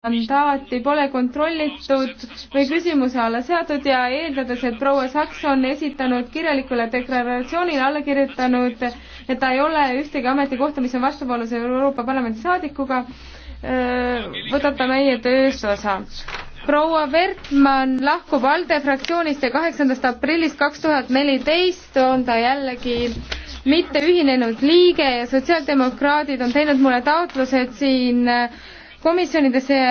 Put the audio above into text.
mandaati pole kontrollitud või küsimuse alla seatud ja eeldades, et proua Saks on esitanud kirjalikule deklaratsioonile alla kirjutanud, et ta ei ole ühtegi ametikohta, mis on vastuvoolus Euroopa Parlamendi saadikuga, võtab ta meie tööst osa. proua Vertmann lahkub ALDE fraktsioonist ja kaheksandast aprillist kaks tuhat neliteist on ta jällegi mitte ühinenud liige ja sotsiaaldemokraadid on teinud mulle taotlused siin komisjonidesse ja